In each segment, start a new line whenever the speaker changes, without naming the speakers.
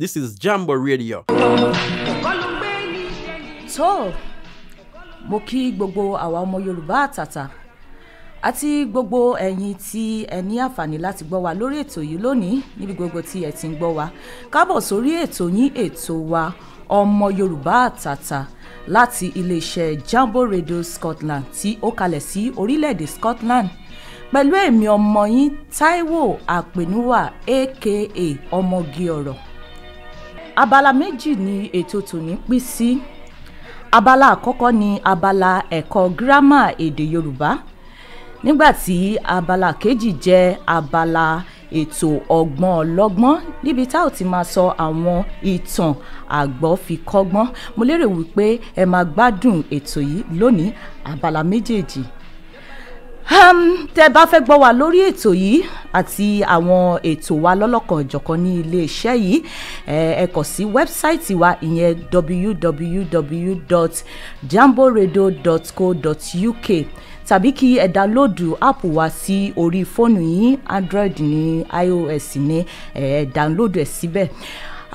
This is Jambo Radio. So, mo kí gbogbo àwa ọmọ Yorùbá àtàtà àti gbogbo ẹ̀yin tí ẹ ní àǹfààní láti gbọ́ wa lórí ètò yìí lónìí níbi gbogbo tí ẹ ti ń gbọ́ wa kábọ̀ sórí ètò yín ètò wa ọmọ Yorùbá àtàtà láti iléeṣẹ́ Jambo Radio Scotland tí ó kalẹ̀ sí orílẹ̀-èdè Scotland pẹ̀lú èmi ọmọ yín Táíwò Àpènúwà aka ọmọge ọ̀rọ̀ abala méjì ni ètò tòní pín sí abala àkọ́kọ́ ni abala ẹ̀kọ́ gírámà èdè Yorùbá nígbàtí abala kejì jẹ́ abala ètò ọgbọ́n ọlọ́gbọ́n níbi tá ò ti máa sọ àwọn ìtàn àgbọ́ fi kọ́gbọ́n mo lérò wípé ẹ máa gbádùn ètò yìí lónìí abala méjèèjì um, bá fẹ́ gbọ́ wa lórí ètò yìí àti àwọn ètò wa lọ́lọ́kan ọ̀jọ̀kan ní iléeṣẹ́ yìí ẹ kàn sí wẹ́bsáìtì wa ìyẹn www.jamboredo.co.uk tàbí kí ẹ dálóòdù áàpù wa sí orí fóònù yín android ní ios ní ẹ dálóòdù ẹ síbẹ̀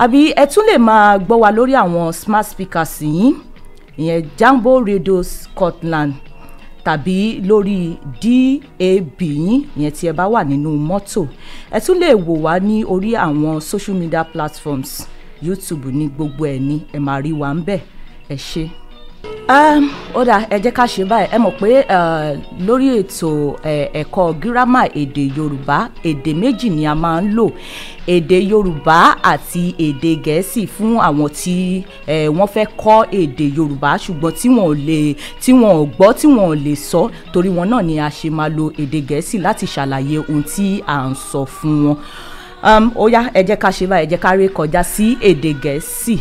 àbí ẹ tún lè máa gbọ́ wa lórí àwọn smart speakers yìí ìyẹn Jambo Radio Scotland tàbí lórí DAB yín ìyẹn tí ẹ bá wà nínú mọ́tò ẹ tún lè wò wá ní orí àwọn social media platforms YouTube ní gbogbo ẹ̀ ní ẹ máa rí wa ń bẹ̀ ẹ ṣé. Um, ó dà ẹ jẹ́ ká ṣe báyìí ẹ mọ̀ pé uh, lórí ètò ẹ̀kọ́ gírámà èdè Yorùbá èdè méjì ni a máa ń lò èdè Yorùbá àti èdè Gẹ̀ẹ́sì fún àwọn tí wọ́n fẹ́ kọ́ èdè Yorùbá ṣùgbọ́n tí wọ́n lè tí wọ́n gbọ́ tí wọ́n lè sọ torí wọn náà ni a ṣe máa lo èdè Gẹ̀ẹ́sì láti ṣàlàyé ohun tí à ń sọ fún wọn um, ó yá ẹ jẹ́ ká ṣe báyìí ẹ jẹ́ ká ré kọjá sí èdè Gẹ̀ẹ́sì.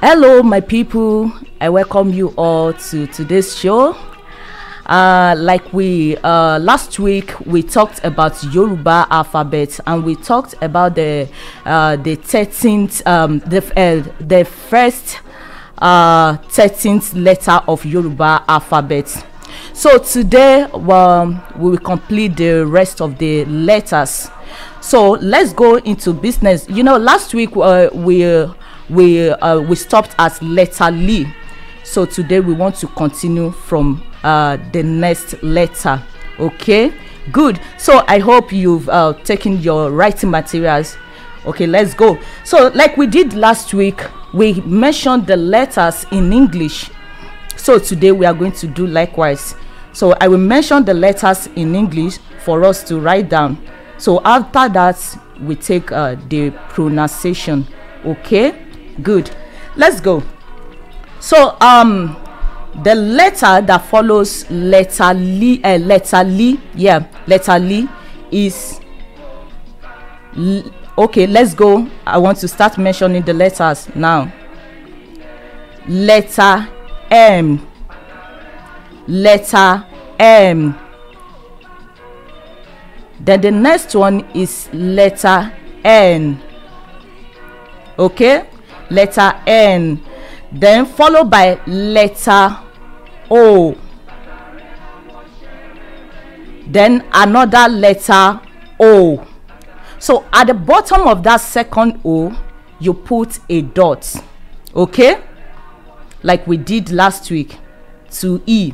Hello, my people. I welcome you all to today's show. Uh, like we uh, last week, we talked about Yoruba alphabet, and we talked about the uh, the thirteenth, um, the uh, the first uh, thirteenth letter of Yoruba alphabet. So today, well, um, we will complete the rest of the letters. So let's go into business. You know, last week uh, we we uh, we stopped at letter L, So today we want to continue from uh, the next letter. Okay, good. So I hope you've uh, taken your writing materials. Okay, let's go. So like we did last week, we mentioned the letters in English. So today we are going to do likewise. So I will mention the letters in English for us to write down. So after that, we take uh, the pronunciation. Okay good let's go so um the letter that follows letter li uh, eh, letter L, yeah letter L, is okay let's go i want to start mentioning the letters now letter m letter m then the next one is letter n okay letter N then followed by letter O then another letter O so at the bottom of that second O you put a dot okay like we did last week to E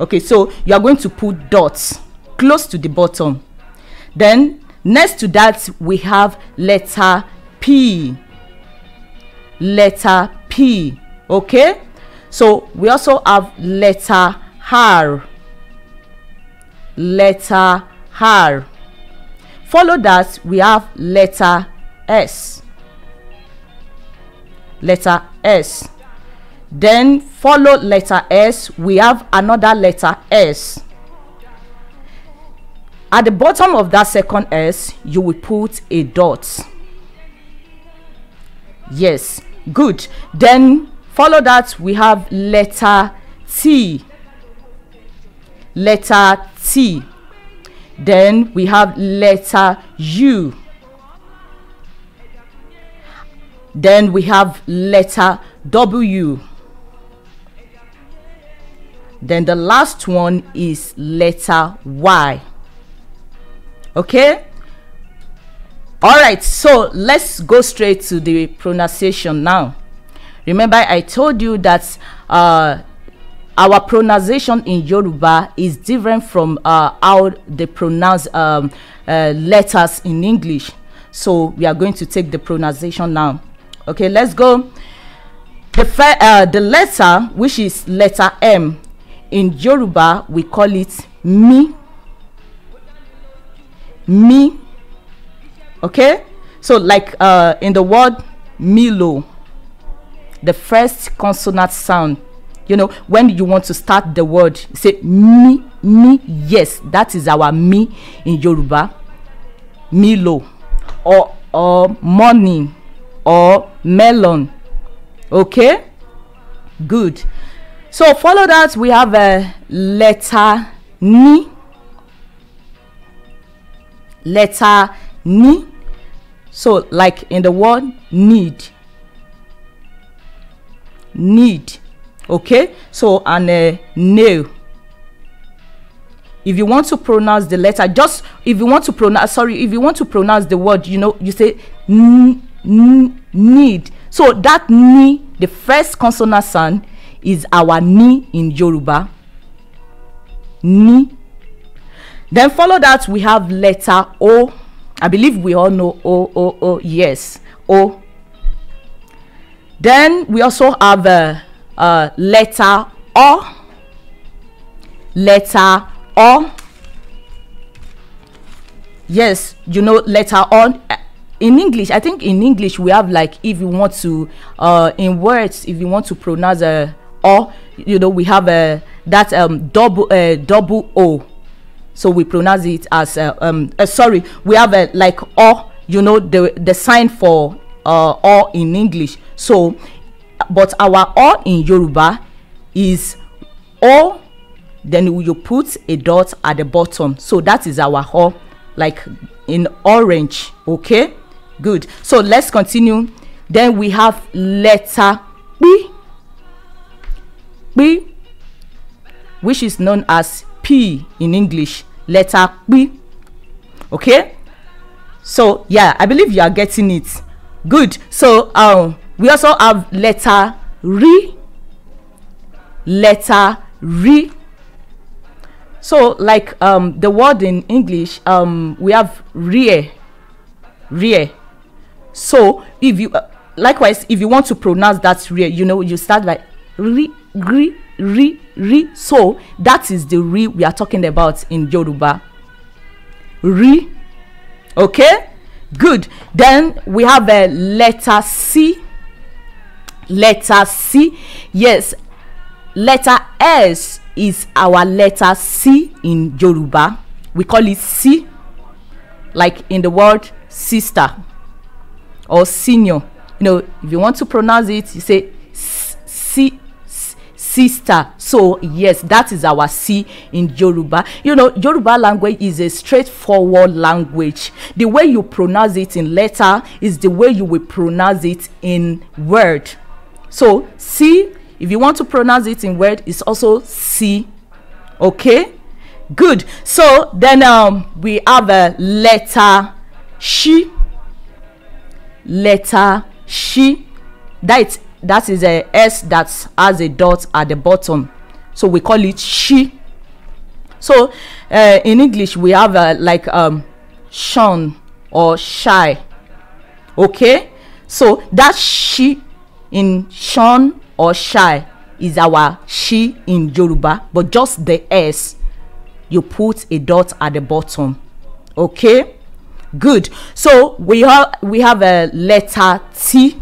okay so you are going to put dots close to the bottom then next to that we have letter P letter P. Okay, so we also have letter R. Letter R. Follow that, we have letter S. Letter S. Then follow letter S, we have another letter S at the bottom of that second s you will put a dot yes good then follow that we have letter t letter t then we have letter u then we have letter w then the last one is letter y okay all right so let's go straight to the pronunciation now remember i told you that uh, our pronunciation in yoruba is different from uh, how they pronounce um, uh, letters in english so we are going to take the pronunciation now okay let's go the, uh, the letter which is letter m in yoruba we call it mi mi okay so like uh, in the word milo the first consonant sound you know when you want to start the word say mi mi yes that is our mi in yoruba milo or or money, or melon okay good so follow that we have a letter ni letter ni so, like in the word need, need, okay? So, and a uh, nail. If you want to pronounce the letter, just if you want to pronounce, sorry, if you want to pronounce the word, you know, you say need. So that ni, the first consonant sound, is our ni in Yoruba. Ni. Then follow that, we have letter O I believe we all know oh oh oh yes oh. Then we also have a, letter or letter or yes you know letter on in english i think in english we have like if you want to uh in words if you want to pronounce a uh, you know we have a uh, that um double uh double o so we pronounce it as uh, um uh, sorry we have a like or you know the the sign for uh or in english so but our or in yoruba is or then you put a dot at the bottom so that is our or like in orange okay good so let's continue then we have letter b b which is known as P in English, letter P. Okay? So, yeah, I believe you are getting it. Good. So, um, we also have letter R, letter R. So, like um, the word in English, um, we have rear, rear. So, if you uh, likewise, if you want to pronounce that rear, you know, you start by re, gri, ri ri so that is the ri we are talking about in yoruba ri okay good then we have a letter c letter c yes letter s is our letter c in yoruba we call it c like in the word sister or senior you know if you want to pronounce it you say c sister so yes that is our c in yoruba you know yoruba language is a straightforward language the way you pronounce it in letter is the way you will pronounce it in word so c if you want to pronounce it in word it's also c okay good so then um we have a letter she letter she that is that is a s that has a dot at the bottom so we call it she so uh, in english we have uh, like um shun or shy okay so that she in shun or shy is our she in yoruba but just the s you put a dot at the bottom okay good so we have we have a letter t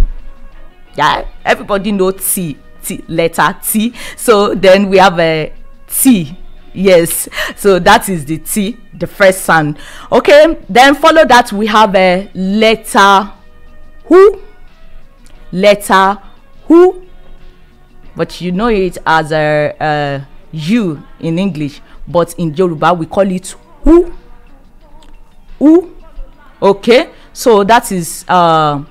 yeah everybody know t t letter t so then we have a uh, t yes so that is the t the first sound okay then follow that we have a uh, letter who letter who but you know it as a uh, uh u in english but in yoruba we call it who who okay so that is uh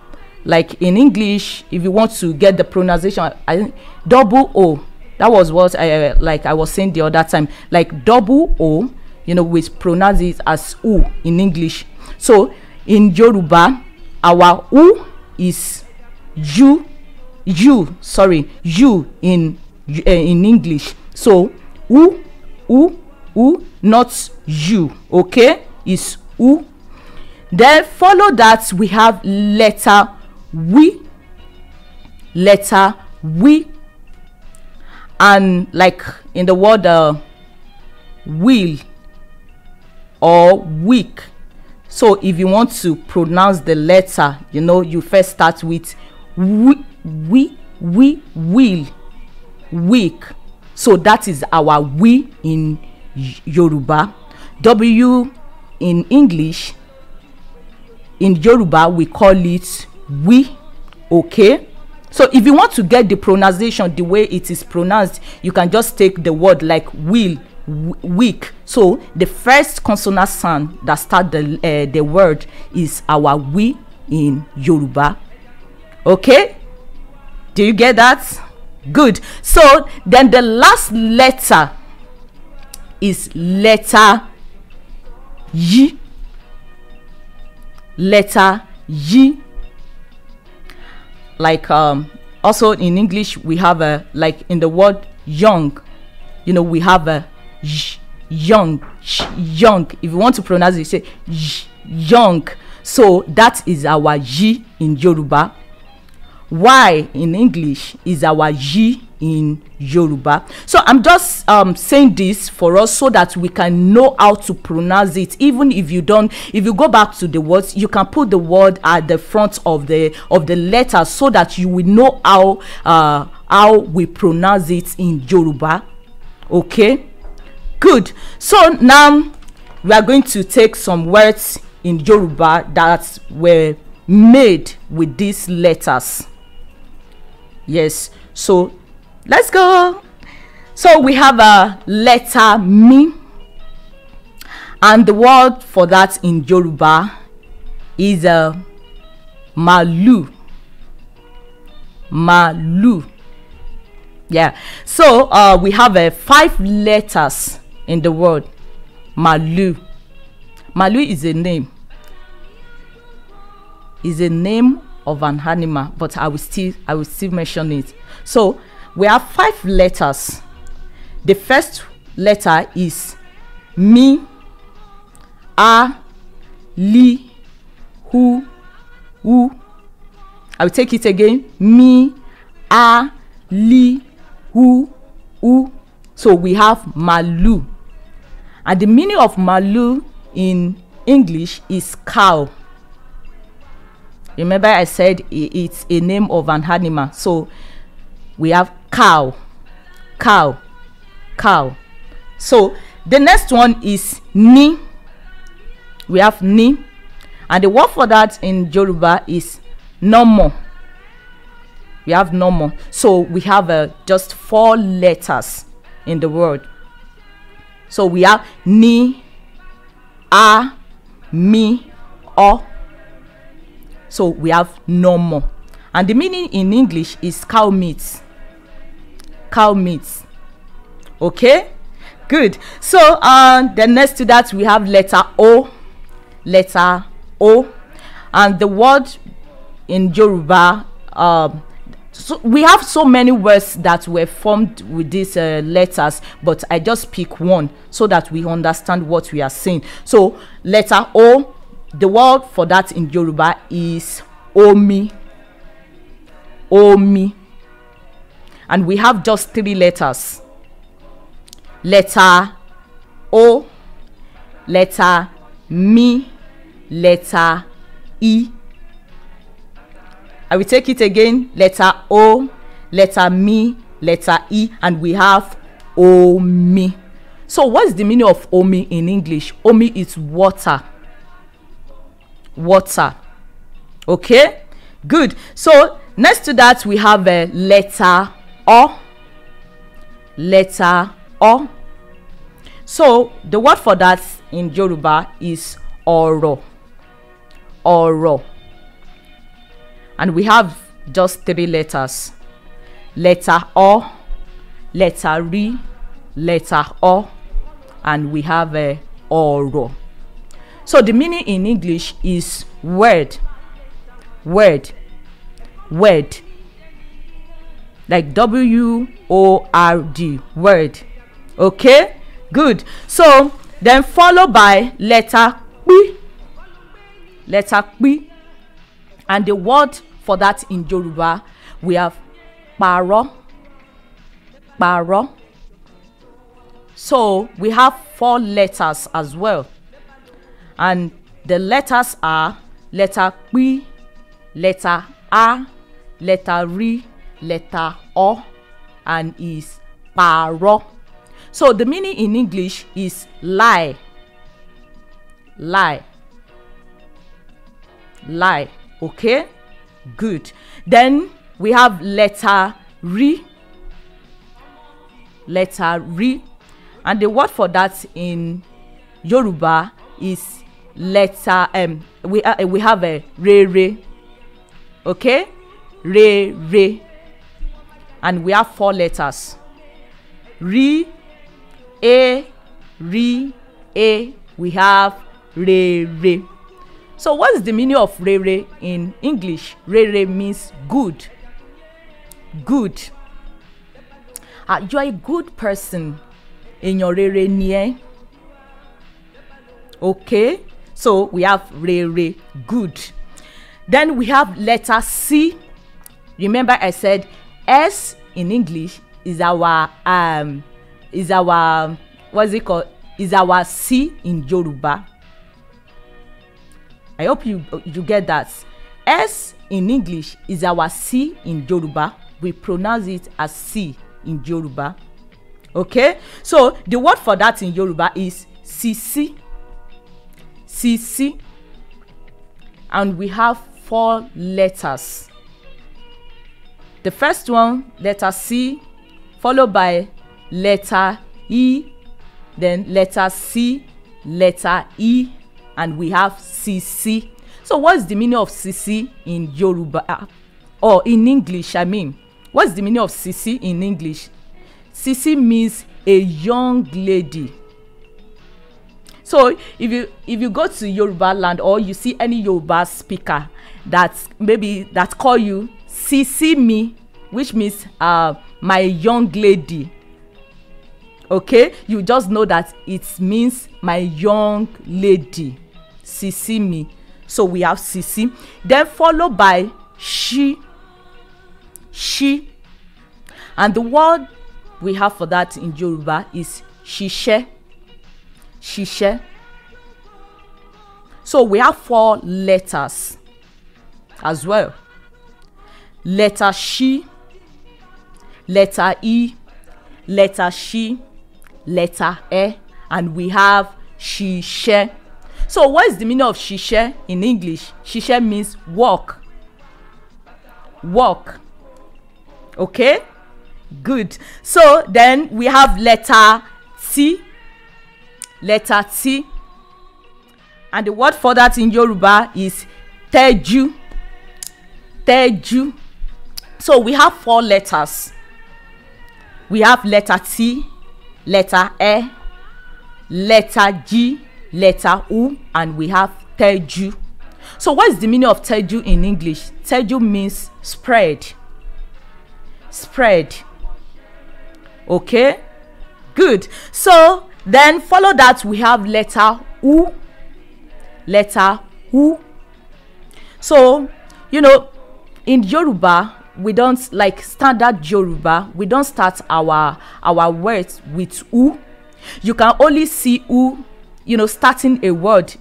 like in english if you want to get the pronunciation I, double o that was what i uh, like i was saying the other time like double o you know which pronounces as u in english so in yoruba our u is you, you sorry you in uh, in english so u u u not you okay is u then follow that we have letter we letter we and like in the word uh, will or weak so if you want to pronounce the letter you know you first start with we we we will weak so that is our we in yoruba w in english in yoruba we call it we okay so if you want to get the pronunciation the way it is pronounced you can just take the word like will weak so the first consonant sound that start the uh, the word is our we in yoruba okay do you get that good so then the last letter is letter y letter y like um, also in English we have a like in the word young, you know we have a young young. If you want to pronounce it, say young. So that is our G in Yoruba. Y in English is our G? in Yoruba. So I'm just um, saying this for us so that we can know how to pronounce it. Even if you don't, if you go back to the words, you can put the word at the front of the of the letter so that you will know how uh, how we pronounce it in Yoruba. Okay, good. So now we are going to take some words in Yoruba that were made with these letters. Yes. So Let's go. So we have a letter me. And the word for that in Yoruba is a uh, malu. Malu. Yeah. So uh, we have uh, five letters in the word malu. Malu is a name. Is a name of an animal, but I will still I will still mention it. So we have five letters the first letter is mi a li hu I will take it again mi a li hu u so we have malu and the meaning of malu in english is cow remember i said it's a name of an animal so we have cow cow cow so the next one is ni we have ni and the word for that in yoruba is normal we have normal so we have uh, just four letters in the word so we have ni a mi o so we have normal and the meaning in english is cow meat cow meat okay good so uh, the next to that we have letter o letter o and the word in yoruba um, so we have so many words that were formed with these uh, letters but i just pick one so that we understand what we are saying so letter o the word for that in yoruba is omi omi and we have just three letters letter o letter M, letter e i will take it again letter o letter M, letter e and we have omi so what's the meaning of omi in english omi is water water okay good so next to that we have a letter O. Letter O. So the word for that in Yoruba is oro, oro, And we have just three letters. Letter O, letter R, letter O, and we have a eh, oro. So the meaning in English is word, word, word. like W O R D word. Okay, good. So then followed by letter P. Letter P. And the word for that in Yoruba, we have paro. Paro. So we have four letters as well. And the letters are letter P, letter A, letter R, letter O and is paro. So the meaning in English is lie. Lie. Lie. Okay? Good. Then we have letter re. Letter re. And the word for that in Yoruba is letter um we uh, we have a re re. Okay? Re re and we have four letters re a re a we have re re so what is the meaning of re re in english re re means good good ah uh, you are a good person èèyàn rere ni ẹ okay so we have rere good then we have letter c remember i said S in English is our um, is our what's it called is our C in Yoruba. I hope you you get that. S in English is our C in Yoruba. We pronounce it as C in Yoruba. Okay, so the word for that in Yoruba is CC CC, and we have four letters The first one, letter C, followed by letter E, then letter C, letter E, and we have CC. So what's the meaning of CC in Yoruba or in English? I mean, what's the meaning of CC in English? CC means a young lady. So if you if you go to Yoruba land or you see any Yoruba speaker that maybe that call you me, which means uh, my young lady okay you just know that it means my young lady me, so we have sisi then followed by she she and the word we have for that in Yoruba is ṣiṣẹ́ ṣiṣẹ́ so we have four letters as well letter she letter e letter she letter e and we have ṣiṣẹ́ so what is the meaning of ṣiṣẹ́ in english ṣiṣẹ́ means work work okay good so then we have letter t letter t and the word for that in yoruba is teju teju so we have four letters we have letter t letter e letter g letter u and we have teju so what is the meaning of teju in english teju means spread spread okay good so then follow that we have letter u letter u so you know in yoruba we don't like standard Yoruba, we don't start our our words with u. You can only see u, you know, starting a word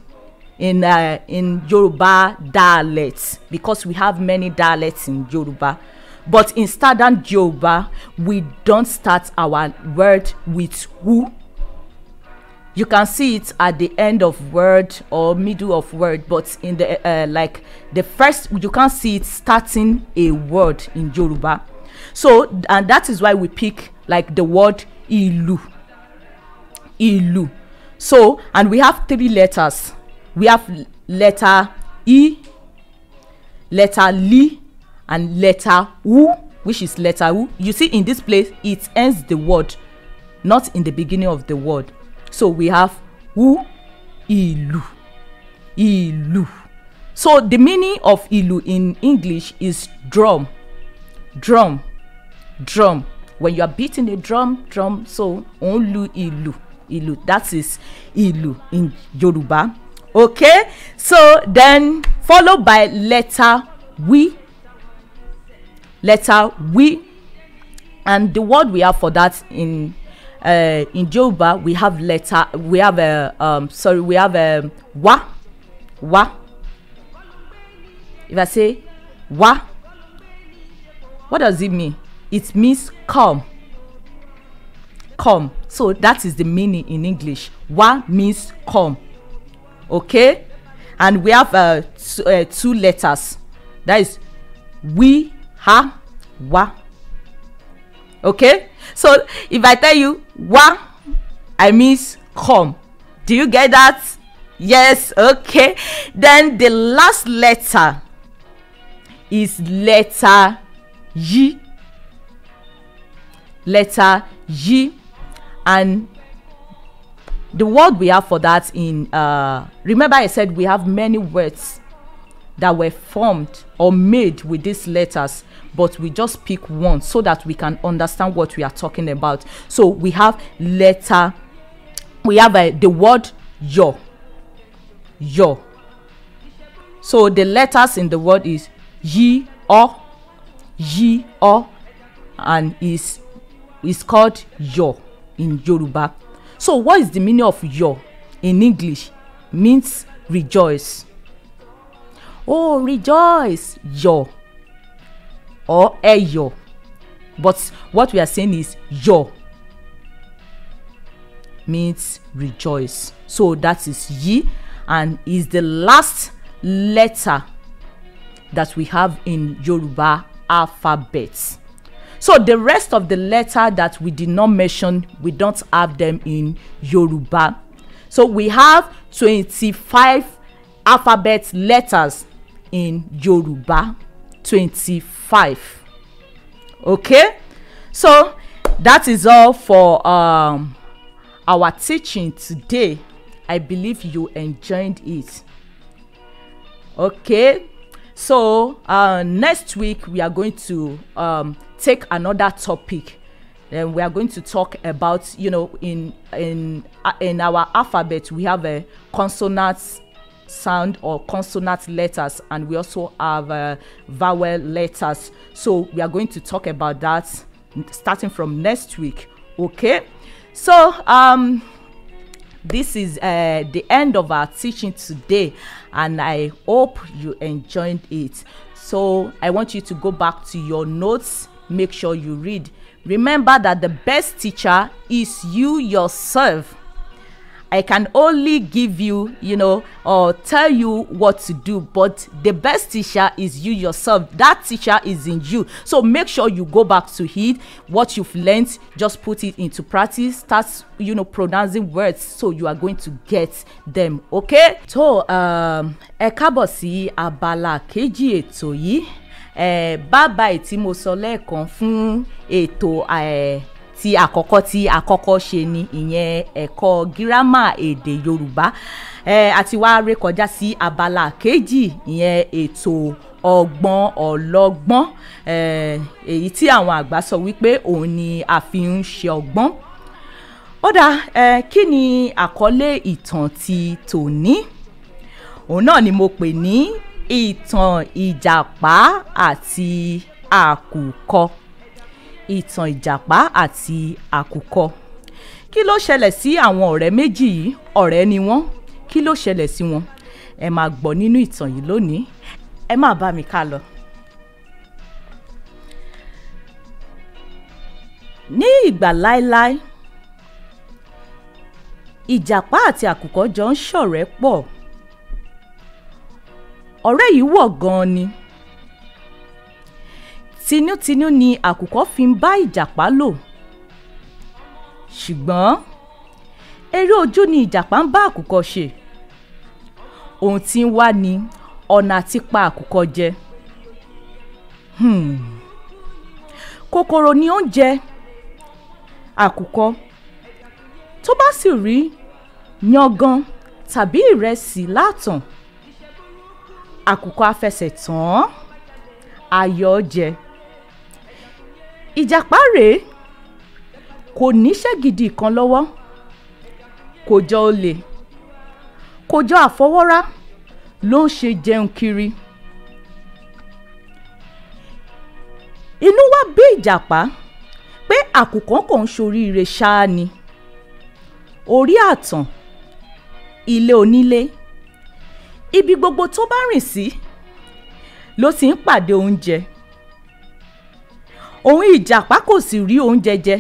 in uh, in Yoruba dialect because we have many dialects in Yoruba. But in standard Yoruba, we don't start our word with u. you can see it at the end of word or middle of word but in the uh, uh, like the first you can't see it starting a word in yoruba so and that is why we pick like the word ilu ilu so and we have three letters we have letter e letter li and letter u which is letter u you see in this place it ends the word not in the beginning of the word So we have who? Ilu. Ilu. So the meaning of ilu in English is drum. Drum. Drum. When you are beating a drum, drum, so on lu ilu. Ilu. That is ilu in Yoruba. Okay? So then followed by letter we. Letter we. And the word we have for that in uh, in Yoruba we have letter we have a um, sorry we have a wa wa if I say wa what does it mean it means come come so that is the meaning in English wa means come okay and we have uh, two, uh, two letters that is we ha wa okay so if I tell you Wa, I means come. Do you get that? Yes, okay. Then the last letter is letter Y. Letter Y. And the word we have for that in, uh, remember I said we have many words that were formed or made with these letters but we just pick one so that we can understand what we are talking about so we have letter we have uh, the word your your so the letters in the word is yi or yi or and is is called your in yoruba so what is the meaning of your in english means rejoice oh rejoice your or eyo but what we are saying is yo means rejoice so that is ye and is the last letter that we have in yoruba alphabet so the rest of the letter that we did not mention we don't have them in yoruba so we have 25 alphabet letters in yoruba 25 five okay so that is all for um, our teaching today i believe you enjoyed it okay so uh, next week we are going to um, take another topic then we are going to talk about you know in in uh, in our alphabet we have a consonants sound or consonant letters and we also have uh, vowel letters so we are going to talk about that starting from next week okay so um this is uh, the end of our teaching today and i hope you enjoyed it so i want you to go back to your notes make sure you read remember that the best teacher is you yourself I can only give you, you know, or tell you what to do. But the best teacher is you yourself. That teacher is in you. So make sure you go back to it. What you've learned, just put it into practice. Start, you know, pronouncing words so you are going to get them. Okay? So, um, ẹ abala kejì ètò yìí. Eh, bye bye tí mo sọ lẹ́ẹ̀kan Eh, ti àkọ́kọ́ tí a kọ́kọ́ ṣe ni ìyẹn ẹ̀kọ́ gírámà èdè Yorùbá àti wá rékọjá sí abala kejì ìyẹn ètò ọgbọ́n ọlọ́gbọ́n èyí tí àwọn àgbà sọ wípé òun ni a fi ń ṣe ọgbọ́n ó dáa kí ni àkọlé ìtàn ti tòní òun náà ni mo pè ní ìtàn ìjàpá àti àkùkọ ìtàn ìjàpá àti àkùkọ kí ló ṣẹlẹ̀ sí àwọn ọ̀rẹ́ méjì yìí ọ̀rẹ́ ni wọ́n kí ló ṣẹlẹ̀ sí wọn ẹ máa gbọ́ nínú ìtàn yìí lónìí ẹ máa bá mi ká lọ. ní ìgbà láéláé ìjàpá àti àkùkọ jọ ń ṣọ̀rẹ́ pọ̀ ọ̀rẹ́ yìí wọ̀ gan-an ni. Ìjàpá, tinútinú ni àkùkọ fi ń bá ìjàpá lò ṣùgbọ́n eré ojú ni ìjàpá ń bá àkùkọ ṣe ohun tí ń wá ni ọ̀nà àti pa àkùkọ jẹ hmm. kòkòrò ni ó ń jẹ àkùkọ tó bá sì rí yangan tàbí ìrẹsì látàn àkùkọ afẹsẹ̀tàn ayọ̀ jẹ ìjàpá rèé kò níṣẹ́ gidi kan lọ́wọ́ kò jọ olè kò jọ àfọwọ́rá ló ń ṣe jẹun kiri inú wa bí ìjàpá pé àkùkọ kò ń ṣoríire ṣáá ni orí àtàn ilé onílé ibi gbogbo tó bá rìn sí ló ti ń pàdé oúnjẹ òun ìjàpá kò sì rí oúnjẹ jẹ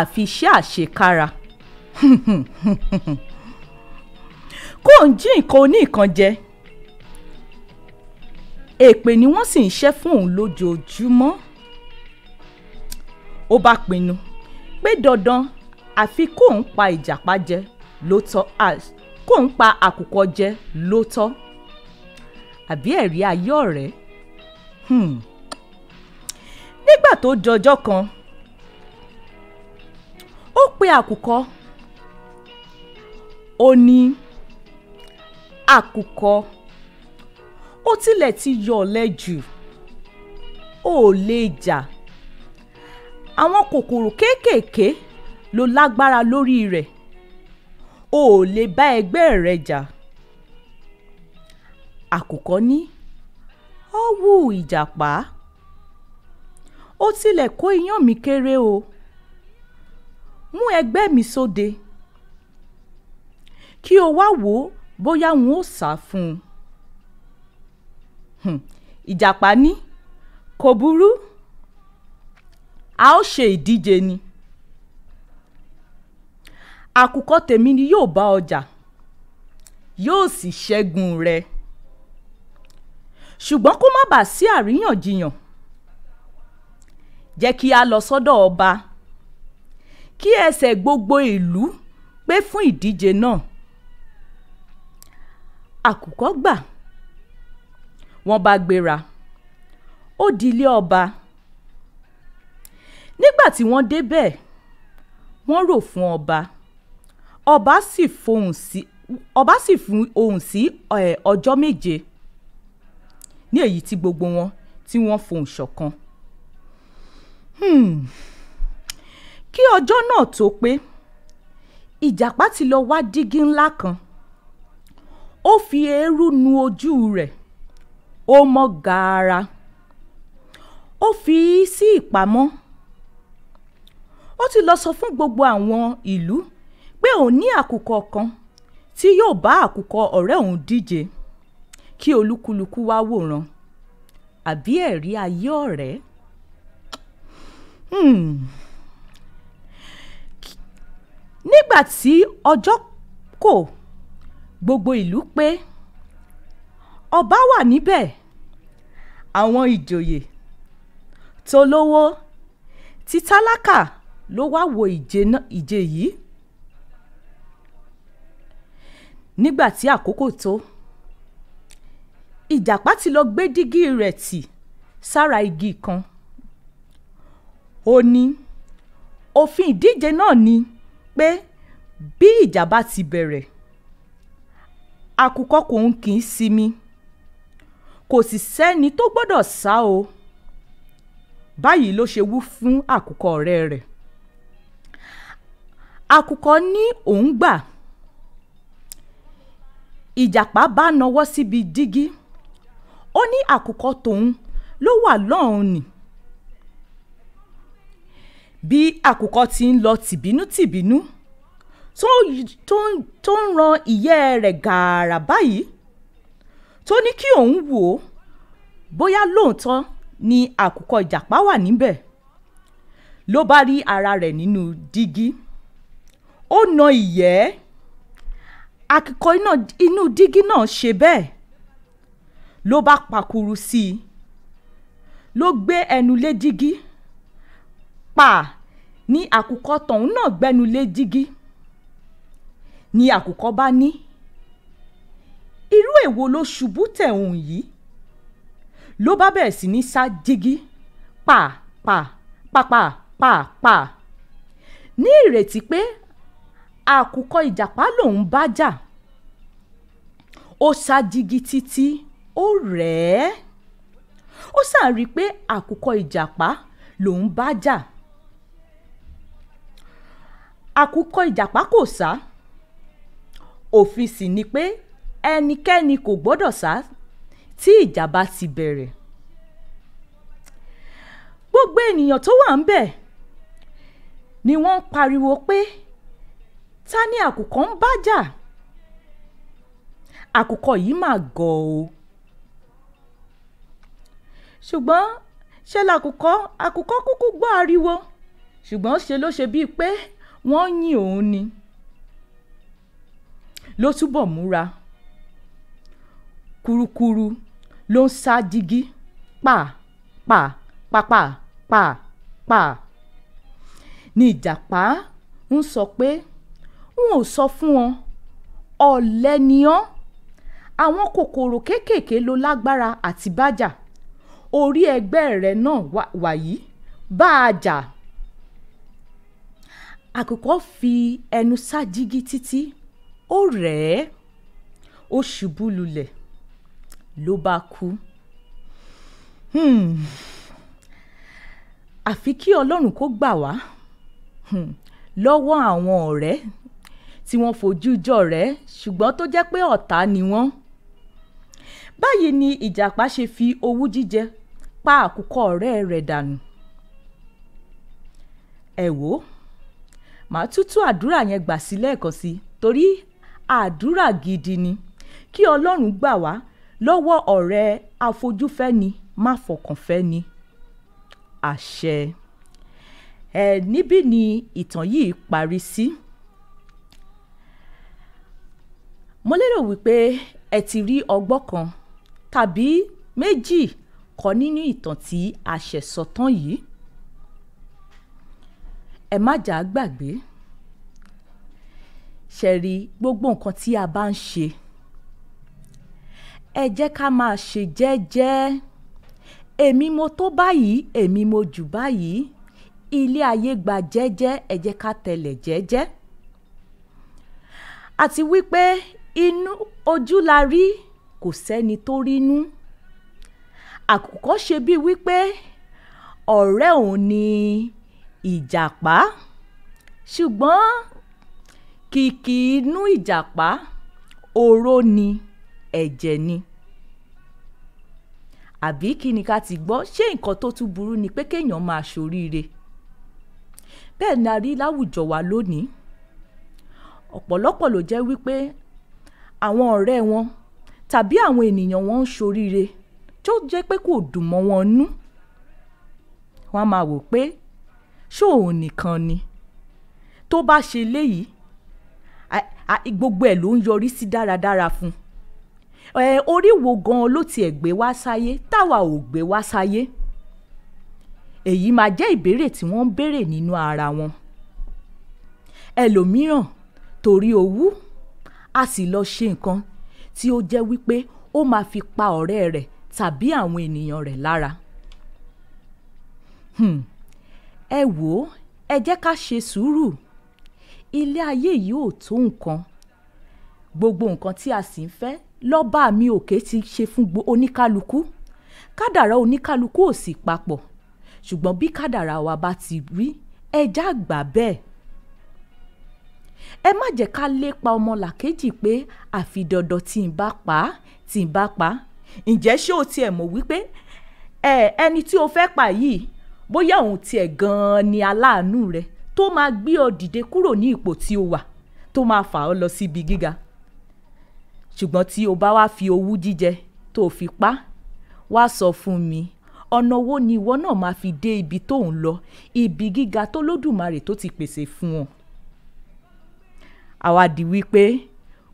àfi iṣẹ́ àṣekára kò ń jí nǹkan oníkan jẹ èpè ni wọ́n sì ń ṣẹ́ fún òun lójoojúmọ́ ó bá pinnu pé dandan àfi kóun pa ìjàpá jẹ ló tọ́ kóun pa àkùkọ jẹ ló àbí ẹ̀rí ayé ọ̀rẹ́. Hmm nígbà tó dọjọ́ kan ó pe àkùkọ ó ní àkùkọ ó tilẹ̀ ti yọ̀lẹ̀ jù ó lè jà àwọn kòkòrò kéékèèké ló lágbára lórí rẹ̀ ó lè bá ẹgbẹ́ rẹ̀ jà àkùkọ ní ó wù ìjàpá. Ja ó tilẹ̀ kó iyán mi kéré o mú ẹgbẹ́ mi sóde kí o wá wò ó bóyá wọn ò sá fún un ìjàpá ní kò burú a ó ṣe ìdíje ni àkùkọ tèmi ni yóò bá ọjà yóò sì ṣẹ́gun rẹ̀ ṣùgbọ́n kó má bàa sí àríyànjiyàn jẹ́ kí a lọ sọ́dọ̀ ọba kí ẹsẹ̀ gbogbo ìlú pé fún ìdíje náà àkùkọ gbà wọ́n bá gbéra ó di ilé ọba nígbà tí wọ́n débẹ̀ wọ́n rò fún ọba ọba sì fohùn sí ọba sì fún ohùn sí ọjọ́ méje ní èyí tí gbogbo wọn tí wọ́n fohùn ṣọ̀kan Hmm. kí ọjọ́ náà tó pé ìjàpá ti lọ wá dígí ńlá kan ó fi eérú nu ojú rẹ̀ ó mọ́ gaara ó fi í sí ìpamọ́ ó ti lọ sọ fún gbogbo àwọn ìlú pé òun ní àkùkọ kan tí yóò bá àkùkọ ọ̀rẹ́ òun díje kí olúkúlùkù wá wòran àbí ẹ̀rí ayé ọ̀rẹ́. Hmm. nígbà tí ọjọ́ kò gbogbo ìlú pé ọba wà níbẹ̀ àwọn ìjòyè tó lówó tí tálákà ló wá wo ìje yìí nígbà tí àkókò tó ìjàpá ti lọ gbé dígí rẹ̀ tì sára igi kan ó ní òfin ìdíje náà ni pé bí ìjà bá ti bẹ̀rẹ̀ àkùkọ kò ń kì í sinmi kò sì sẹ́ni tó gbọ́dọ̀ sá o báyìí ló ṣe wú fún àkùkọ ọ̀rẹ́ rẹ̀ àkùkọ ní òun gbà ìjàpá bá nawọ́ síbi dígí ó ní àkùkọ tòun ló wà lọ́hùn-ún ni bí àkùkọ ti ń lọ tìbínútìbínú tó ń ran ìyẹ́ rẹ̀ gààrà báyìí tó ní kí òun wò ó bóyá lóòótọ́ ni àkùkọ ìjàpá wà níbẹ̀ ló bá rí ara rẹ̀ nínú dígí ó na ìyẹ́ àkùkọ inú dígí náà ṣe bẹ́ẹ̀ ló bá pakuru sí i ló gbé ẹnu lé dígí pàápàá ni àkùkọ tọ̀hún náà gbẹ́nu lé jígí ni àkùkọ bá ní irú èwo ló ṣubú tẹ̀ òun yìí ló bá bẹ̀rẹ̀ sí ní sá jígí pàápàápàápàápàá ní ìrètí pé àkùkọ ìjàpá lòun bá jà ó sá jígí títí ó rẹ̀ ẹ́ ó sàn rí i pé àkùkọ ìjàpá lòun bá jà. Ja àkùkọ ìjàpá kò sá òfin sì ni pé ẹnikẹ́ni kò gbọ́dọ̀ sá tí ìjà ti bẹ̀rẹ̀ gbogbo ènìyàn tó wà ń bẹ̀ ni wọ́n ń pariwo pé ta ni àkùkọ ń bá jà àkùkọ yìí mà gọ̀ o ṣùgbọ́n ṣe làkùkọ àkùkọ kúkú gbọ́ ariwo ṣùgbọ́n ṣe ló ṣe bíi pé wọ́n yìn òun ni ló túbọ̀ múra kurukuru ló ń sá dígí pa pa pa pa pa pa ni ìjàpá ń sọ pé n ò sọ fún wọn ọ̀lẹ ni ọ́ àwọn kòkòrò kéékèèké ló lágbára àti bájà orí ẹgbẹ́ rẹ̀ náà wàyí bá a jà àkùkọ fi ẹnu sá jígí títí ó rẹ̀ ẹ́ ó ṣubú lulẹ̀ ló bá kú. Hmm. àfi kí ọlọ́run kó gbà wá hmm, lọ́wọ́ àwọn ọ̀rẹ́ tí wọ́n fojú jọ̀rẹ́ ṣùgbọ́n tó jẹ́ pé ọ̀tá ni wọ́n. báyìí ni ìjàpá ṣe fi owú jíjẹ pa àkùkọ ọ̀rẹ́ rẹ̀ dànù. ẹ wò màá tútú àdúrà yẹn gbà sí lẹ́ẹ̀kan sí torí àdúrà gidi ni kí ọlọ́run gbà wá lọ́wọ́ ọ̀rẹ́ afojúfẹ́ni má fọkànfẹ́ni àṣẹ ẹ níbí ni ìtàn yìí parí sí. mo lérò wípé ẹ ti rí ọgbọ́n kan tàbí méjì kọ́ nínú ìtàn tí a sọ tán yìí ẹ má jà á gbàgbé ṣẹ̀rí gbogbo nǹkan tí a bá ń ṣe ẹ jẹ́ ká máa ṣe jẹ́jẹ́ èmi mo tó báyìí èmi mo jù báyìí ilé ayé gba jẹ́jẹ́ ẹ jẹ́ ká tẹ̀lẹ̀ jẹ́jẹ́ àti wípé inú ojú la rí kò sẹ́ni tó rínú àkùkọ ṣe bí wípé ọ̀rẹ́ òun ni. Ori, ìjàpá ṣùgbọ́n kìkì inú ìjàpá oró ni ẹ̀jẹ̀ ni àbí kí ni ká ti gbọ́ ṣé nǹkan tó tún burú ni pé kéèyàn máa ṣoríire bẹ́ẹ̀ ni a rí láwùjọ wa lónìí ọ̀pọ̀lọpọ̀ ló jẹ́ wípé àwọn ọ̀rẹ́ wọn tàbí àwọn ènìyàn wọn ń ṣoríire tó jẹ́ pé kò dùn mọ́ wọn nú wọ́n máa wò pé ṣé òun nìkan ni tó bá ṣe léyìí gbogbo ẹ̀ ló ń yọrí sí dáradára fún ẹ orí wo gan-an ló tiẹ̀ gbé wá sáyé táwa ò gbé wá sáyé èyí máa jẹ́ ìbéèrè tí wọ́n ń béèrè nínú ara wọn ẹlòmíràn torí owú a sì lọ ṣe nǹkan tí ó jẹ́ wípé ó máa fi pa ọ̀rẹ́ rẹ̀ tàbí àwọn ènìyàn rẹ̀ lára. Hmm ẹ wò ó ẹ jẹ́ ká ṣe sùúrù ilé ayé yìí ò tó nǹkan gbogbo nǹkan tí a sì ń fẹ́ lọ́ba mi òkè ti ṣe fún oníkálukú kádàrá oníkálukú ò sì papọ̀ ṣùgbọ́n bí kádàrá wa bá ti rí ẹja àgbà bẹ́ẹ̀ ẹ má jẹ́ ká lépa ọmọlàkejì pé àfi dandan tí n bá pa á tí n bá pa á ǹjẹ́ ṣé o tiẹ̀ mọ̀ wípé ẹ ẹni tí o fẹ́ pa yìí bóyá òun tiẹ̀ gan-an ni aláàánú rẹ tó máa gbé ọ dìde kúrò ní ipò tí o wà tó máa fà ọ lọ síbi gíga ṣùgbọ́n tí o bá wá fi owú jíjẹ tó fi pa wá sọ fún mi ọ̀nà wo ni ìwọ náà máa fi dé ibi tó ń lọ ibi gíga tó lódùmarè tó ti pèsè fún ọ. àwa di wípé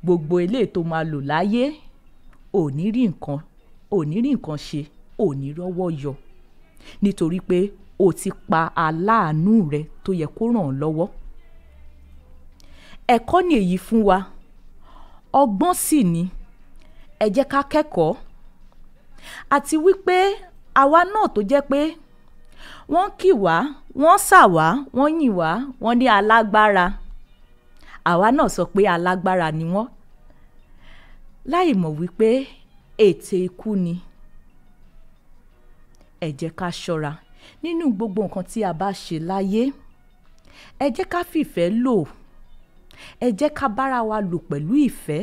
gbogbo eléyìí tó máa lò láyé ò ní rí nǹkan ò ní rí nǹkan ṣe ò ní rọ́wọ́ yọ nítorí pé o ti pa aláàánú rẹ tó yẹ kó ràn ọ́ lọ́wọ́ ẹ̀kọ́ ni èyí fún wa ọgbọ́n sì ni ẹ jẹ́ ká kẹ́kọ̀ọ́ àti wípé àwa náà tó jẹ́ pé wọ́n kì wá wọ́n sà wá wọ́n yìn wá wọ́n ní alágbára àwa náà sọ pé alágbára ni wọ́n láì mọ̀ wípé ète ikú ni ẹ jẹ́ ká ṣọ́ra nínú gbogbo nǹkan tí a bá ṣe láyé ẹ jẹ́ ká fìfẹ́ lò ẹ jẹ́ ká bára wa lò pẹ̀lú ìfẹ́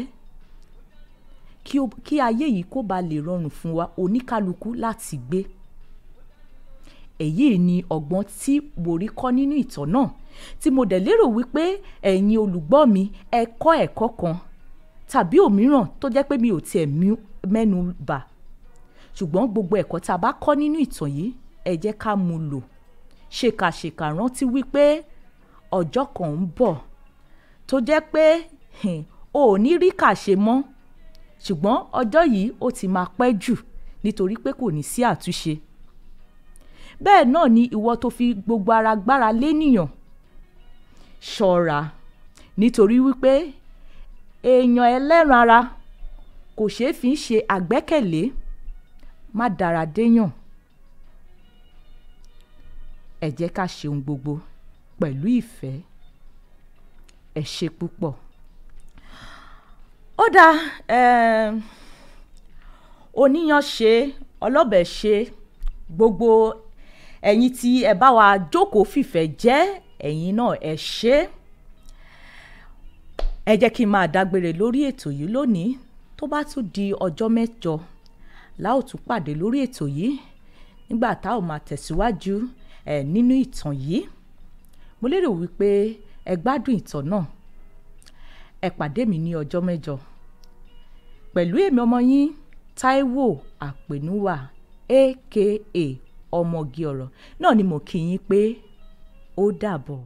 kí ayé yìí kó ba lè rọrùn fún wa oníkálukú láti gbé èyí ni ọgbọ́n tí borí kọ́ nínú ìtàn náà tí mo dẹ̀ lérò wípé ẹ̀yin olùgbọ́ mi ẹ kọ́ ẹ̀kọ́ kan tàbí òmíràn tó jẹ́ pé mi ò tiẹ̀ mẹ́nu bà ṣùgbọ́n gbogbo ẹ̀kọ́ tá a bá kọ́ nínú ìtàn yìí ẹ jẹ́ ká mu lò ṣèkàṣèkà rántí wípé ọjọ́ kan ń bọ̀ tó jẹ́ pé o ò ní rí kàṣe mọ́ ṣùgbọ́n ọjọ́ yìí ó ti máa pẹ́ jù nítorí pé kò ní sí àtúnṣe bẹ́ẹ̀ náà ni ìwọ tó fi gbogbo ara gbára lénìyàn ṣọ́ra nítorí wípé èèyàn ẹlẹ́ran ara kò ṣeé fi ń ṣe àgbẹ́kẹ̀lé má dára déyàn ẹ jẹ́ ká ṣe ohun gbogbo pẹ̀lú ìfẹ́ ẹ ṣe púpọ̀. ó dáa um, oníyan ṣe ọlọ́bẹ̀ ṣe gbogbo ẹ̀yin tí ẹ bá wa jókòó fìfẹ́ jẹ́ ẹ̀yin náà ẹ ṣe ẹ jẹ́ kí n máa dágbére lórí ètò yìí lónìí tó bá tún di ọjọ́ mẹ́jọ la tún pàdé lórí ètò yìí nígbà tá máa tẹ̀síwájú. Si ẹ̀ nínú ìtàn yìí mo lérò wípé ẹ gbádùn ìtàn náà ẹ pàdé mi ní ọjọ́ mẹ́jọ pẹ̀lú èmi ọmọ yín Táíwò Àpènúwà aka ọmọge ọ̀rọ̀ náà ni mo kí yín pé ó dàbọ̀.